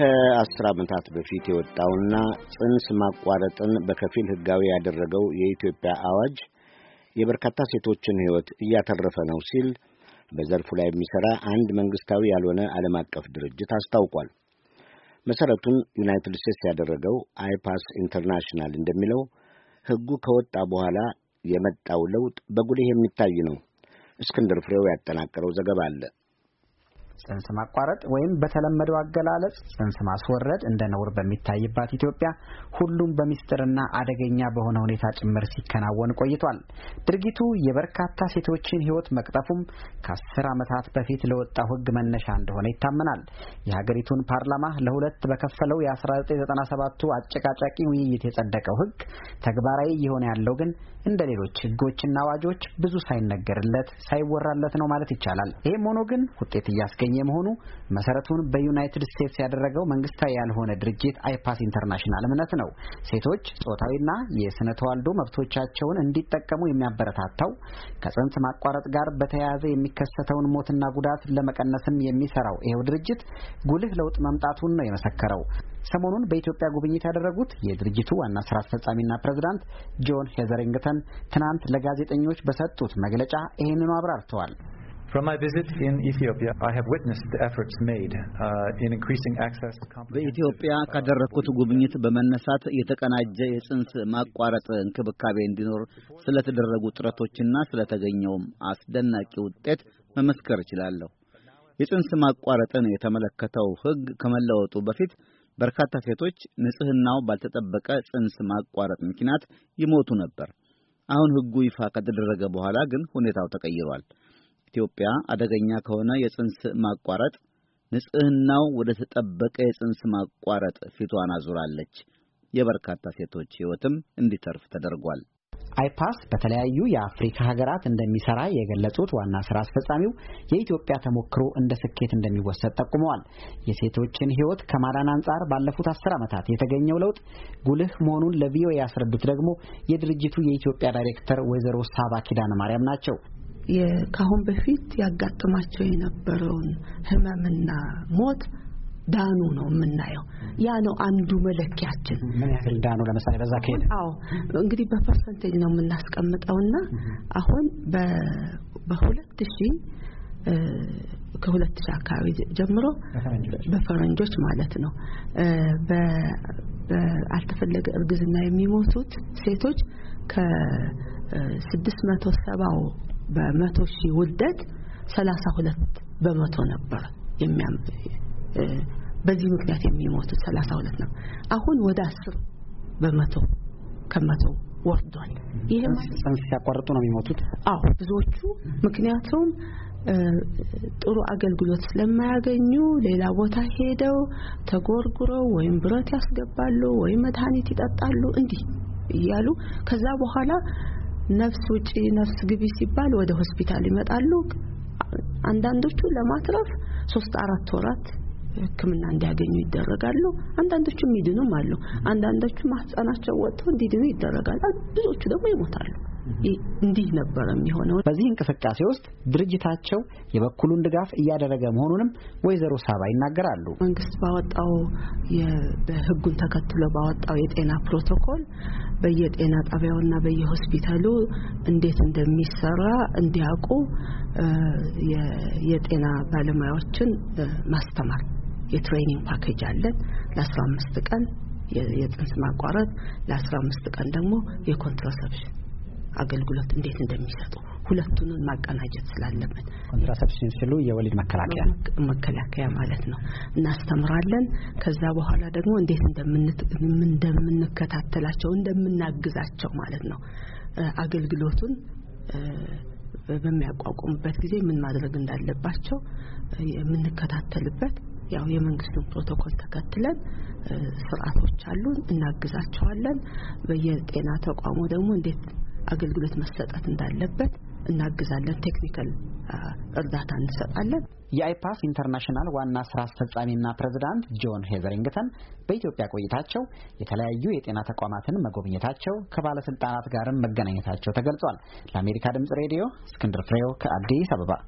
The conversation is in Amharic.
ከአስር ዓመታት በፊት የወጣውና ጽንስ ማቋረጥን በከፊል ሕጋዊ ያደረገው የኢትዮጵያ አዋጅ የበርካታ ሴቶችን ሕይወት እያተረፈ ነው ሲል በዘርፉ ላይ የሚሠራ አንድ መንግሥታዊ ያልሆነ ዓለም አቀፍ ድርጅት አስታውቋል። መሠረቱን ዩናይትድ ስቴትስ ያደረገው አይፓስ ኢንተርናሽናል እንደሚለው ሕጉ ከወጣ በኋላ የመጣው ለውጥ በጉልህ የሚታይ ነው። እስክንድር ፍሬው ያጠናቀረው ዘገባ አለ። ጽንስ ማቋረጥ ወይም በተለመደው አገላለጽ ጽንስ ማስወረድ እንደ ነውር በሚታይባት ኢትዮጵያ ሁሉም በሚስጥርና አደገኛ በሆነ ሁኔታ ጭምር ሲከናወን ቆይቷል። ድርጊቱ የበርካታ ሴቶችን ሕይወት መቅጠፉም ከአስር ዓመታት በፊት ለወጣው ሕግ መነሻ እንደሆነ ይታመናል። የሀገሪቱን ፓርላማ ለሁለት በከፈለው የ1997ቱ አጨቃጫቂ ውይይት የጸደቀው ሕግ ተግባራዊ እየሆነ ያለው ግን እንደ ሌሎች ሕጎችና አዋጆች ብዙ ሳይነገርለት ሳይወራለት ነው ማለት ይቻላል። ይህም ሆኖ ግን ውጤት እያስገ የሚገኝ የመሆኑ መሰረቱን በዩናይትድ ስቴትስ ያደረገው መንግስታዊ ያልሆነ ድርጅት አይፓስ ኢንተርናሽናል እምነት ነው። ሴቶች ጾታዊና የስነ ተዋልዶ መብቶቻቸውን እንዲጠቀሙ የሚያበረታታው ከጽንስ ማቋረጥ ጋር በተያያዘ የሚከሰተውን ሞትና ጉዳት ለመቀነስም የሚሰራው ይኸው ድርጅት ጉልህ ለውጥ መምጣቱን ነው የመሰከረው። ሰሞኑን በኢትዮጵያ ጉብኝት ያደረጉት የድርጅቱ ዋና ስራ አስፈጻሚና ፕሬዝዳንት ጆን ሄዘሪንግተን ትናንት ለጋዜጠኞች በሰጡት መግለጫ ይህንኑ አብራርተዋል። Uh, በኢትዮጵያ ካደረግኩት ጉብኝት በመነሳት የተቀናጀ የጽንስ ማቋረጥ እንክብካቤ እንዲኖር ስለተደረጉ ጥረቶችና ስለተገኘውም አስደናቂ ውጤት መመስከር እችላለሁ። የጽንስ ማቋረጥን የተመለከተው ሕግ ከመለወጡ በፊት በርካታ ሴቶች ንጽህናው ባልተጠበቀ ጽንስ ማቋረጥ ምክንያት ይሞቱ ነበር። አሁን ሕጉ ይፋ ከተደረገ በኋላ ግን ሁኔታው ተቀይሯል። ኢትዮጵያ አደገኛ ከሆነ የፅንስ ማቋረጥ ንጽህናው ወደ ተጠበቀ የፅንስ ማቋረጥ ፊቷን አዙራለች። የበርካታ ሴቶች ሕይወትም እንዲተርፍ ተደርጓል። አይፓስ በተለያዩ የአፍሪካ ሀገራት እንደሚሰራ የገለጹት ዋና ስራ አስፈጻሚው የኢትዮጵያ ተሞክሮ እንደ ስኬት እንደሚወሰድ ጠቁመዋል። የሴቶችን ሕይወት ከማዳን አንጻር ባለፉት አስር ዓመታት የተገኘው ለውጥ ጉልህ መሆኑን ለቪኦኤ ያስረዱት ደግሞ የድርጅቱ የኢትዮጵያ ዳይሬክተር ወይዘሮ ሳባ ኪዳነ ማርያም ናቸው። ከአሁን በፊት ያጋጥማቸው የነበረውን ህመምና ሞት ዳኑ ነው የምናየው። ያ ነው አንዱ መለኪያችን። ምን ያህል ዳኑ? ለምሳሌ በዛ ከሄደ አዎ፣ እንግዲህ በፐርሰንቴጅ ነው የምናስቀምጠውና አሁን በሁለት ሺህ ከሁለት ሺህ አካባቢ ጀምሮ በፈረንጆች ማለት ነው በአልተፈለገ እርግዝና የሚሞቱት ሴቶች ከስድስት መቶ ሰባው በመቶ ሺህ ውልደት 32 በመቶ ነበር የሚያም በዚህ ምክንያት የሚሞቱት 32 ነው። አሁን ወደ አስር በመቶ ከመቶ ወርዷል። ይሄም ጽንስ ሲያቋርጡ ነው የሚሞቱት። አዎ ብዙዎቹ ምክንያቱም ጥሩ አገልግሎት ስለማያገኙ ሌላ ቦታ ሄደው ተጎርጉረው ወይም ብረት ያስገባሉ ወይም መድኃኒት ይጠጣሉ እንዲህ እያሉ ከዛ በኋላ ነፍስ ውጪ ነፍስ ግቢ ሲባል ወደ ሆስፒታል ይመጣሉ። አንዳንዶቹ ለማትረፍ ሶስት አራት ወራት ሕክምና እንዲያገኙ ይደረጋሉ። አንዳንዶቹ የሚድኑም አሉ። አንዳንዶቹ ማህፀናቸው ወጥቶ እንዲድኑ ይደረጋል። ብዙዎቹ ደግሞ ይሞታሉ። እንዲህ ነበር የሚሆነው። በዚህ እንቅስቃሴ ውስጥ ድርጅታቸው የበኩሉን ድጋፍ እያደረገ መሆኑንም ወይዘሮ ሳባ ይናገራሉ። መንግስት ባወጣው ህጉን ተከትሎ ባወጣው የጤና ፕሮቶኮል በየጤና ጣቢያውና በየሆስፒታሉ እንዴት እንደሚሰራ እንዲያውቁ የጤና ባለሙያዎችን ማስተማር የትሬኒንግ ፓኬጅ አለን ለ15 ቀን የጽንስ ማቋረጥ ለ15 ቀን ደግሞ የኮንትራሰፕሽን አገልግሎት እንዴት እንደሚሰጡ ሁለቱንም ማቀናጀት ስላለብን ኮንትራሰፕሽን ሲሉ የወሊድ መከላከያ መከላከያ ማለት ነው እናስተምራለን። ከዛ በኋላ ደግሞ እንዴት እንደምንከታተላቸው እንደምናግዛቸው ማለት ነው አገልግሎቱን በሚያቋቁሙበት ጊዜ ምን ማድረግ እንዳለባቸው የምንከታተልበት ያው የመንግስትን ፕሮቶኮል ተከትለን ስርዓቶች አሉ፣ እናግዛቸዋለን። በየጤና ተቋሙ ደግሞ እንዴት አገልግሎት መሰጠት እንዳለበት እናግዛለን። ቴክኒካል እርዳታ እንሰጣለን። የአይፓስ ኢንተርናሽናል ዋና ስራ አስፈጻሚና ፕሬዝዳንት ጆን ሄዘሪንግተን በኢትዮጵያ ቆይታቸው የተለያዩ የጤና ተቋማትን መጎብኘታቸው፣ ከባለስልጣናት ጋርም መገናኘታቸው ተገልጿል። ለአሜሪካ ድምጽ ሬዲዮ እስክንድር ፍሬው ከአዲስ አበባ